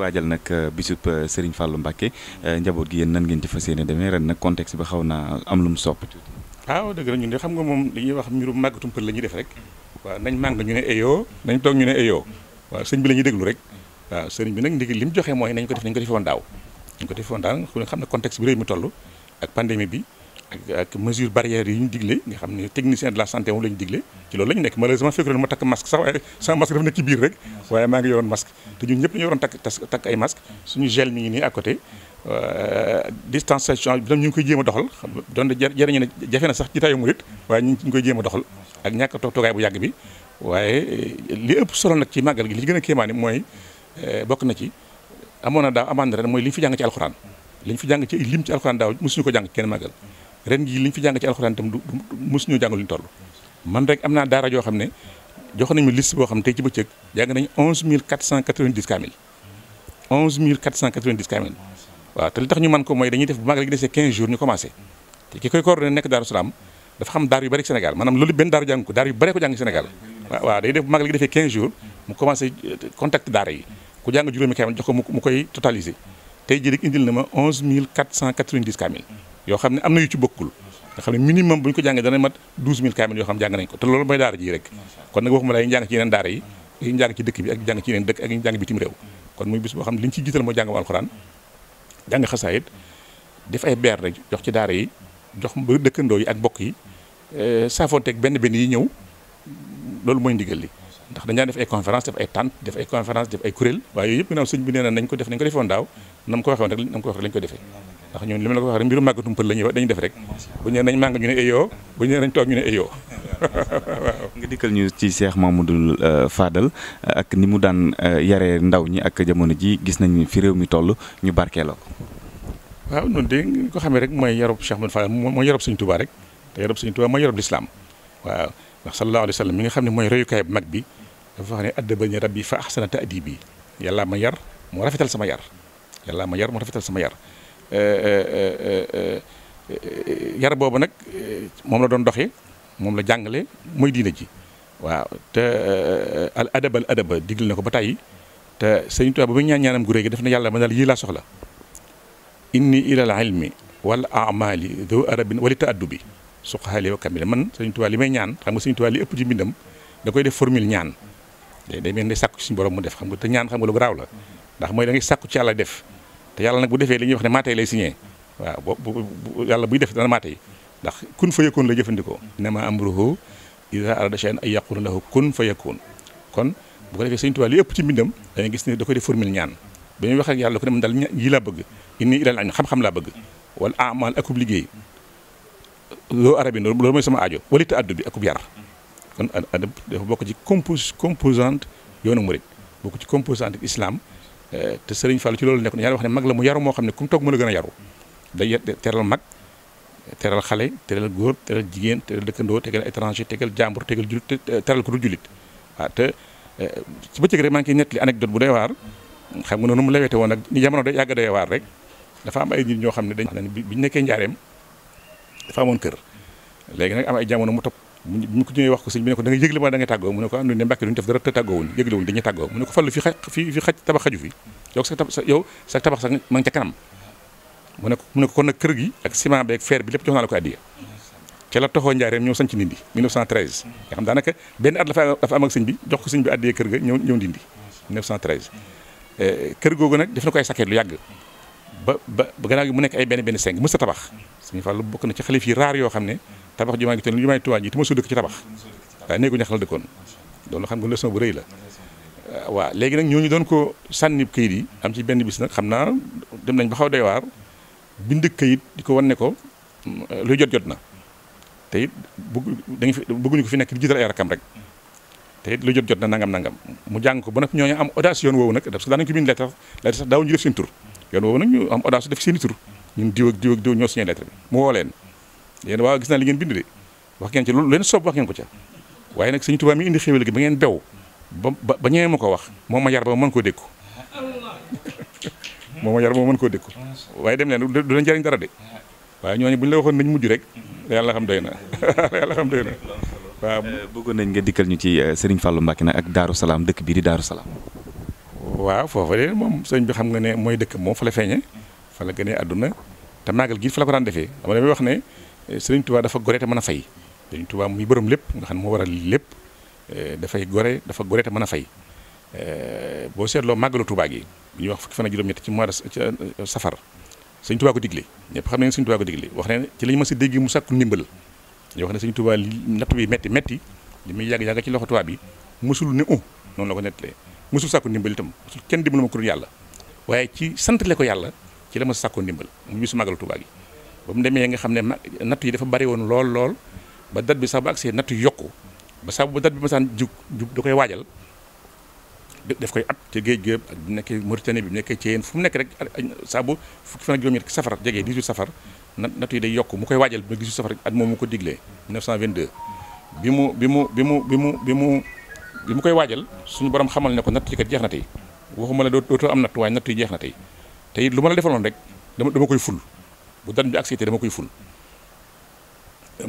waajal nag euh, bisub euh, Serigne Fallou Mbacké euh, njaboot gi yéen nan ngeen ci fas yéene demee ren nag contexte bi xaw naa am lu mu soppi tuuti. Ah, dëgg la ñun de xam nga moom li ñu wax mbirum màggatum pël la ñuy def rek waaw nañ màng ñu ne eyoo nañ toog ñu ne eyoo waaw sëñ bi la ñuy déglu rek waaw sëriñ bi nag ndigi li mu joxe mooy nañ ko def nañ ko defee woon daaw nañ ko defee woon daaw xam ne contexte bi réew mi toll ak pandémie bi ak ak mesure barrière yi ñu digle nga xam ne technicien de la santé moom la ñu digle ci loolu la ñu nekk malheureusement fekk ma takk masque sax waaye sama masque dafa nekk ci biir rek waaye maa ngi yoroon masque te ñun ñëpp ñu yoroon takk takk ay masque suñu gel mi nii à côté euh, bi tam ñu koy jéem a doxal doon jëriñu ne jafe na sax ci tayu murit waaye ñu ngi ak ñàkk a toog toogaay bu yàgg bi waaye euh, li ëpp solo nag ci màggal gi li ci gën a kéemaane mooy euh, bokk na ci amoon na daaw amaan ren mooy li fi jàng ci alxuraan li ñu fi jàng ci lim ci alxuraan daaw mosuñu ko jàng kenn màggal ren jii li ñu fi jàng ci alxuraan itam du mosuñoo jàng lu ñu man rek am naa daara joo xam ne jox nañu liste boo xam ne tey ci bëccëg jàng nañu onze mille quatre cent quatre-vingt-dix kaamil onze mooy dañuy def bu magal gi desee quinze jours ñu commencé te ki koy coordonné nekk Daaru Salaam dafa xam daar yu bëri Sénégal maanaam loolu defee quinze jours mu commencé euh, contact daara yi ku jàng juróomi kaamil yoo xam ne am na yu ci bokkul nga xam ne minimum bu ñu ko jàngee dana mat 12000 kaamil yoo xam jàng nañ ko te loolu mooy daara ji rek kon nag waxuma la ñu jàng ci yeneen daara jàng ci alxuraan jàng xasaayit def ay beer rek jox ci daara yi jox ba dëkkandoo yi ak mbokk yi eh, saafoonteeg benn benn yi ñëw loolu mooy ndigal li ndax dañaa def ay conférence def ay tànt def ay conférence def ay kuréel waaye yooyu yëpp ginnaaw sëñ bi nee nañ ko def nañ ko defoon daaw na ko waxee ndax ñun li ma la ko wax rek mbiru màggatum pël la ñuy wax dañuy def rek bu ñu nañ màgg ñu ne eyoo bu ñu nee nañ toog ñu ne eyoo waaw. nga dikkal ñu ci Cheikh Mamadou euh, Fadal euh, ak ni mu daan euh, yaree ndaw ñi ak jamono ji gis nañ fi réew mi toll ñu barkeeloo ko. waaw noonu de ko xamee rek mooy yarub Cheikh Mamadou Fadal mooy yarub Sëñ Tuubaa rek te yarub Sëñ Tuubaa mooy yarub lislaam waaw ndax sallallahu alayhi wa sallam mi nga xam ne mooy royukaay bu mag bi dafa wax ne addabani rabbi fa ahsana ta'dibi yàlla ma yar moo rafetal sama yar yàlla ma yar moo sama yar Eh, eh, eh, yar boobu nag moom la doon doxee moom la jàngale mooy diine ji waaw te al adab al adaba digle na ko ba tàyyi te sëñ Tuubaa ba muy ñaan ñaanam gu réy def na yàlla ma daal yii laa soxla inni ilal ilmi wal amali do arabin wali ta addu bi suqaali wa kamil man sëñ Tuubaa li may ñaan xam nga sëñ Tuubaa li ëpp ci mbindam da koy def formule ñaan day mel ne sàkku ci suñu borom mu def xam nga te ñaan xam nga lu raaw la ndax mooy da sàkku ci yàlla def te yàlla nag bu defee li ñuy wax ne maatee lay signé waaw bu yàlla buy def dana maatee ndax kun fa yakun la jëfandikoo innama amruhu iza arada shay'an ay yaqula lahu kun fa yakun kon bu ko defee sëñ Tuubaa li ëpp ci mbindam gis ne da koy def formule ñaan ba ñuy wax ak yàlla ko ne man daal yi bëgg inni ilal am xam laa bëgg wala amal akub liggéey loo arabi loolu mooy sama aajo wala ta addu bi akub yar kon dafa bokk ci compos composante yoonu murit bokk ci composante islam te sëriñ Fall ci loolu nekk na yàlla wax ne mag la mu yaru moo xam ne kom mu toog a gën a yaru day teral mag teral xale teral góor teral jigéen teral dëkkandoo tegal étranger tegal jàmbur tegal julit teral ko du julit waaw te eh, ci bëccëg rek maa ngi ciy nettali anecdote bu dee waar xam nga noonu mu lewete woon nag ni jamono day yàgg doy waar rek dafa am ay nit ñoo xam ne dañ bi ñu nekkee njaareem dafa amoon kër léegi nag am ay jamono mu topp mu mu ko ñëwee wax ko sëñ bi ne ko da nga yëgle ma da nga tàggoo mu ne ko am ah, mu sa ma ngi ca kanam mu ne ko mu ne ko kër gi ak ciment beeg fer bi lépp jox naa la ko addiya ca la toxoo njaareem ñëw sanc ndindi 1913 daanaka benn at dafa dafa am bi jox ko sëñ bi addiyee kër ga ñëw ñëw ndindi 1913 eh, kër googu nag def na ko lu yàgg ba ba gannaaw gi mu nekk ay benn benn seng mës a tabax sëñ Fallu bokk na ci xalif raar yoo xam ne tabax jumaa ngi toll jumaa ngi Tuubaa ji te mosoo dëkk ci tabax waaye ko ñax la dëkkoon loolu xam nga leçon bu rëy la waaw léegi nag ñoo ñu doon ko sànni këyit yi am ci benn bis nag xam naa dem nañ ba xaw doy waar bind këyit di ko won ne ko mm, luy jot jot na te it bëgg dañu fi bëgguñu ko fi nekk di jiital ay rakam rek te it lu jot jot na nangam nangam mu jàng ko ba nag ñooñu am audace yoon woowu nag parce que daanañu ko bind lettre lettre sax daawuñu def seen tur yoon woowu nag def seen i tur ñun diw ak ñoo signé lettre bi leen yéen waaw gis naa li ngeen bind de wax ngeen ci lu leen soob wax ngeen ko ca waaye nag Sëñ Tuubaa mi indi xéwal ba ngeen bew ba ba ñëwee ma ko wax moom ma yar ba ma koo dékku moom ma yar mën koo dékku waaye dem leen du leen jariñ dara de ñooñu bu la waxoon nañ mujj rek yàlla xam doy na yàlla xam eh, bëggoon nañ nga dikkal ñu ci eh, Serigne Fallou Mbacké nag ak Daaru Salaam dëkk bii di Daaru Salaam waaw foofa sëñ bi xam nga ne mooy dëkk moom fa la feeñe fa àdduna te màggal gi fa la ko daan defee xam nga damay wax ne Eh, Serigne Touba dafa gore mën a fay Serigne Touba borom lépp nga xam ne moo waral lépp eh, dafay gore dafa gore te mën a fay eh, boo seetloo màggalu Touba gi bu ñuy wax fukki ci mois de euh, safar Serigne Touba ko digle ñëpp xam nañu Serigne Touba ko digle wax ne ci lañ mës a dégg mu sàkku ndimbal yoo xam ne Serigne Touba natt bi metti metti li muy yàgg yàgg ci loxo Touba bi mësul ne u noonu la ko nettalee sul sàkku ndimbal itam mësul kenn dimbalu ma ko dul yàlla waaye ci santale ko yàlla ci la ma sàkku ndimbal mu bisu màggalu Touba yi ba mu demee nga xam ne natt yi dafa bari woon lool lool ba dat bi sax ba agsee yokk yi yokku ba sax bu dat bi masaan jub jub da koy waajal daf koy at ci géej géej ak bu nekkee bi bu nekkee Thièyène fu mu nekk rek saa bu fukki fan ak juróom-ñett safar jege 18 safar nat yi day yokk mu koy waajal ba 18 safar at moom mu ko diglee 1922 bi mu bi mu bi mu bi mu bi mu bi mu koy waajal suñu borom xamal ne ko natt yi kat jeex na tey waxuma la dootoo am natt waaye natt yi jeex na tey te it lu ma la defaloon rek dama dama koy ful bu dan bi accepté dama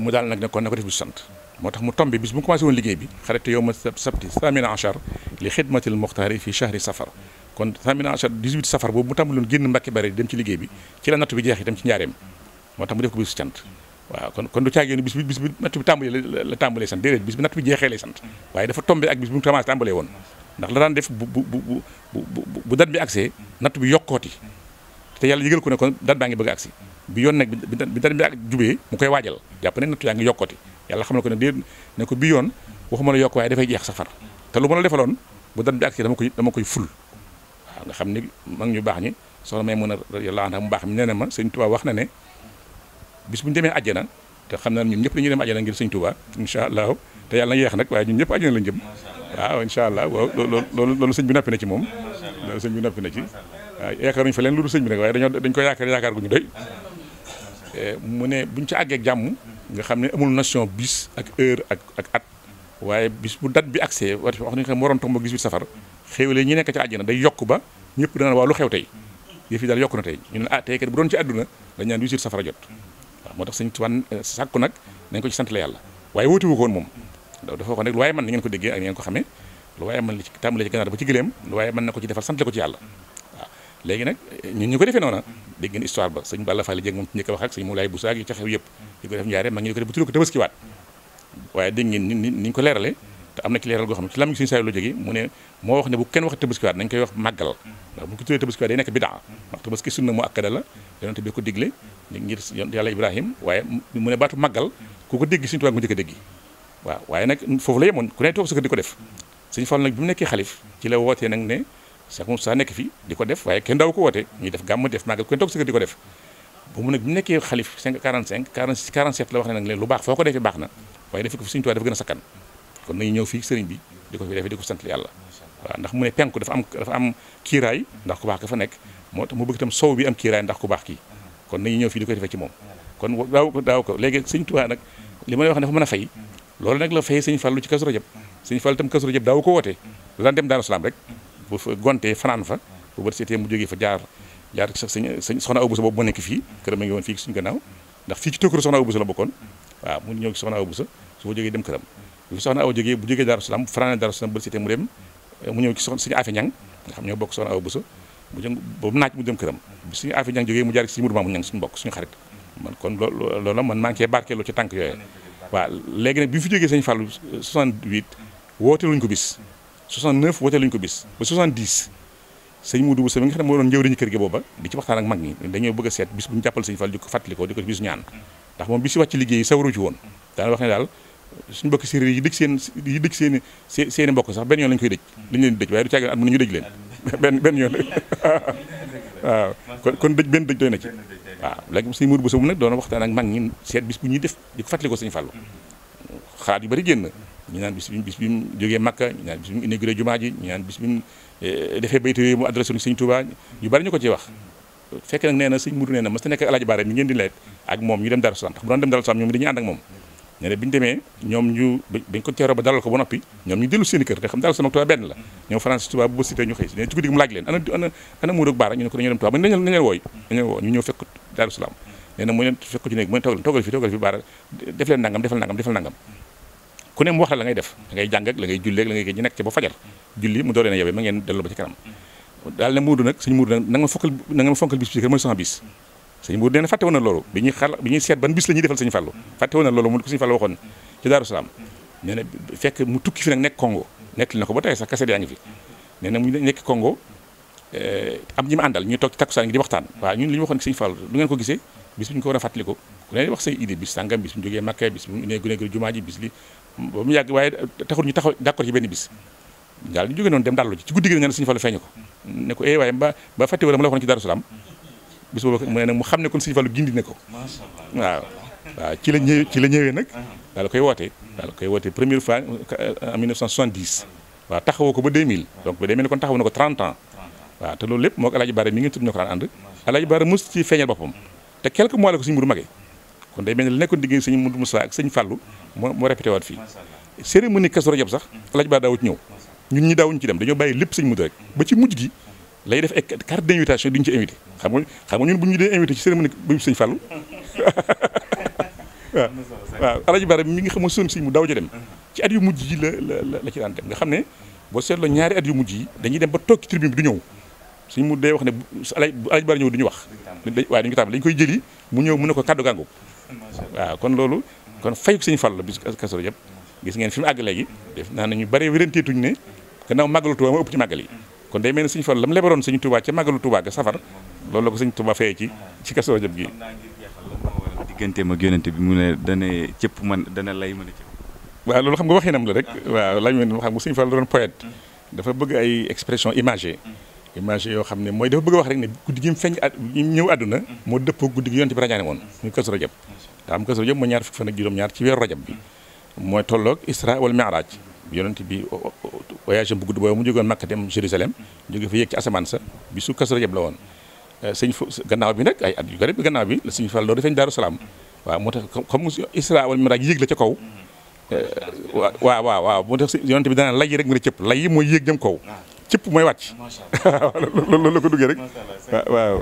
nag kon na ko def bi sant moo tax mu tombe bis bu mu commencé woon liggéey bi xarate yow ma sabti samina achar li xidmatil muxtaari fi chahri safar kon samina achar 18 safar boobu mu tàmbaloon génn mbàkki bari dem ci liggéey bi ci la natt bi jeex itam ci njaareem moo tax mu def ko bisu cant waaw kon kon du caagéen bis bi bis bi natt bi tàmbalee la tàmbalee sant déedéet bis bi natt bi jeexee lay sant waaye dafa tombe ak bis bi ndax la def bu bu bu bu bu dat bi accès natt bi yokkooti te yàlla yëgal ko ne kon dat baa ngi bëgg agsi bi yoon nag bi dat bi ak jubee mu koy waajal jàpp ne nattu yaa ngi yokkoti yàlla xam ne ko ne dée ne ko bi yoon waxuma la yokk waaye dafay jeex sa far te lu ma la defaloon bu dat bi agsi dama koy dama koy ful waaw nga xam ni mag ñu baax ñi soxna may mën a yàlla mu baax mi nee na ma sëñ wax na ne bis bu ñu demee àjjana te xam naa ñu ñëpp dañuy dem àjjana ngir sëñ Tuubaa incha allah te yàlla na yeex nag waaye ñun ñëpp àjjana lañ jëm waaw incha allah waaw loolu loolu sëñ bi noppi na ci moom loolu sëñ bi noppi na waaw yaakaaruñu fa leen lu dul sëñ bi nag waaye dañ ko yaakaar yaakaar gu ñu doy eh, mu ne buñ ci àggee jàmm nga xam ne amul nation bis ak heure ak ak at waaye bis bu date bi accès wax nañu xam waroon tomb 18 safar xéewale ñi nekk ci àjjana day yokk ba ñëpp dana waa lu xew tey yëf yi daal yokk na tey ñu ne ah tey kat bu doon ci àdduna dañ naan 18 safara jot waaw moo tax sëñ Tuubaa eh, nag nañ ko ci sant la yàlla waaye wóoti wu ko woon moom dafa ko nag lu waaye man ni ngeen ko déggee ak ni ngeen ko waaye mën na ko ci defal sant ci yàlla léegi nag ñun ñu ko defee noona dégg ngeen ba sëñ Balla Fally Dieng moom ci njëkk a wax ak sëñ Moulay Boussa ak yu ca xew yëpp ko def mag ñu ko leerale te am na ci leeral goo xam ne ci lam suñu saay lu jóge mu ne moo wax ne bu kenn wax tabaski nañ koy wax màggal ndax bu ñu ko tuddee tabaski waat day nekk bidaa ndax tabaski sunna mu akkada la yonente bi ko digle ngir yàlla Ibrahim waaye mu ne baatu màggal ku ko dégg suñu tubaab mu njëkk a waaw waaye nag foofu la yemoon ku ne toog sa di ko def sëñ Fall nag bi mu nekkee xalif ci la wootee nag ne Cheikh a nekk fi di ko def waaye kenn daaw ko woote ñuy def ba mu nag bu nekkee xalif 5 45 46 47 la wax ne lu baax foo ko defee baax na waaye dafa ko fi am kiiraay ndax ku baax ka fa nekk moo tax mu bëgg itam sow bi kon nañu ñëw fii di ko defee ci moom kon daaw ko daaw ko léegi Sëriñ Tuubaa nag li ma lay wax ne dafa mën daaw ko woote daan dem Daaru Salaam rek bu fa gontee fanaan fa bu bët seetee mu jógee fa jaar jaar sax sëñ soxna Abusa boobu moo nekk fii këram ma ngi woon fii suñu gannaaw ndax fii ci tëkkër soxna Abusa la bokkoon waaw mu ñëw soxna Abusa su fa jógee dem këram bu fi soxna jógee bu jógee Daaru Salaam fanaan Daaru Salaam bët seetee mu dem mu ñëw ci soxna suñu afe ñang nga xam ñoo bokk soxna Abusa bu jëm boobu naaj mu dem këram suñu afe ñang jógee mu jaar ci suñu murmaa mu ñang suñu bokk suñu xarit man kon loolu man maa ngi cee barkeeloo ci tànk yooyu waaw léegi nag bi fi jógee sëñ Fallou 68 woote luñ ko bis 69 wote lañ ko bis ba 70 sëñ Modou Bousso mi nga xam ne moo doon njëwriñu kër gi booba ak mag ñi dañoo a seet bis bu ñu jàppal sëñ Fall di ko fàttali ko di bi si wàcc liggéey ci i seen i mbokk sax benn yoon lañ koy dëj lañ leen di kon kon dëj benn na ci waaw léegi sëñ Modou Bousso mu nag doon waxtaan ak mag ñi seet bis bu ñuy def di ko fàttali ko sëñ Fall xalaat yu bari génn ñu naan bis bis bi mu jógee Makka ñu naan bis bi mu inauguré jumaa ji ñu naan bis bi mu eh, defee baytu yooyu mu adressé sëñ Touba ñu bari ñu ko ci wax fekk nag nee na sëñ mi ngeen di leet ak moom ñu dem Darou Salaam ndax bu doon dem Darou Salaam ñoom dañuy ànd ak moom ñoom ñu bañ ko teeroo ba dalal ne ko dañoo dem Touba ba dañu leen wooy dañu leen woo ñu ñëw fekk Darou Salaam na mu def leen nangam defal nangam defal nangam ku ne mu wax la la ngay def la ngay jàng ak la ngay julli ak la ngay kii ñu nekk ci ba fajar julli mu dooree na yow ma ngeen delloo ba ci kanam daal ne muudu nag nag na mu ko nekk Congo eh, am ñi ma àndal ñuy toog ci takkusaan gi di waxtaan waaw ñu waxoon a fàttaliku wax say idée bis sàngam bis bu jógee Makka bis bu ñu jumaa ji bis li ba mu yàgg waaye taxul ñu taxaw d'accord ci benn bis daal ñu jóge noonu dem dallu ji ci guddi gi nga ne suñu Fallu feeñu ko ne ko eh waaye ba ba fàtte wala mu la waxoon ci Daaru Salaam bis boobu xam ne kon suñu Fallu gindi ne ko waaw waaw ci la ñëwee ci la ñëwee daal koy wootee daal koy wootee première fois euh, en 1970 waaw taxawoo ko ba 2000 donc ba 2000 kon taxaw na ko 30 ans waaw te loolu lépp moo ko Alaaji Baara mi ngi tudd ñoo ko daan ànd Alaaji Baara mos ci feeñal boppam te quelques kon day mel ne la nekkoon diggante sëñ Modou Moussa ak sëñ Fallou moo moo répété waat fii cérémonie Kazu Rajab sax alaj baa daawut ñëw ñun ñi daawuñ ci dem dañoo bàyyi lépp sëñ Modou rek ci mujj gi lay def ay carte d'invitation duñ ci invité xam nga xam nga bu ñu dee invité ci cérémonie bu sëñ Fallou waaw waaw alaj baa mi nga xam son sëñ mu daaw ja dem ci at yu mujj yi la la la ci daan dem nga xam ne boo seetloo ñaari at yu mujj yi dañuy dem ba toog ci tribune bi du ñëw sëñ mu dee wax ne alaj alaj baa ñëw du ñu wax waaye dañu ko tàmbali dañ koy jëli mu ñëw mu ne ko kàddu gàngu waaw kon loolu kon fayuk sëñ Fall la bis Kazu Rajab gis ngeen fi mu àgg léegi def naa nañu bëree wéranteetuñ ne gannaaw màggalu Tuubaa moo ëpp ci màggal yi kon day mel ne sëñ Fall la mu lebaloon sëñ Tuubaa ci màggalu Tuubaa ga safar loolu la ko sëñ Tuubaa fayee ci ci Kazu Rajab gi digganteem ak yonente bi mu ne dana cëpp man dana lay mën a cëpp waaw loolu xam nga waxinam la rek waaw lañ men xam nga sëñ Fall la doon poète dafa bëgg ay expression imagée imagée yoo xam ne mooy dafa bëgg wax rek ne guddi gi mu feeñ at ñëw àdduna moo dëppoo guddi gi yonente bi rañaane woon ñu Kazu Rajab te am kaso yëpp ma ñaar fukki fan ak juróom-ñaar ci weeru rajab bi mooy tolloog isra wal mi'raj yonent bi voyage bu gudd boobu mu jógoon Makka dem Jérusalem jóge fa yéeg ci asamaan sa bi su kaso rajab la woon eh, sëñ fu gannaaw bi nag ay at yu garib bi gannaaw bi la sëñ Fall loolu defeñ Daaru Salaam waaw moo tax comme isra wal mi'raj yéeg la ca kaw waaw eh, waaw waaw moo tax yonent bi dana lay rek mu ne cëpp lay mooy yéeg jëm kaw ah. cëpp mooy wàcc loolu la ko duggee rek waaw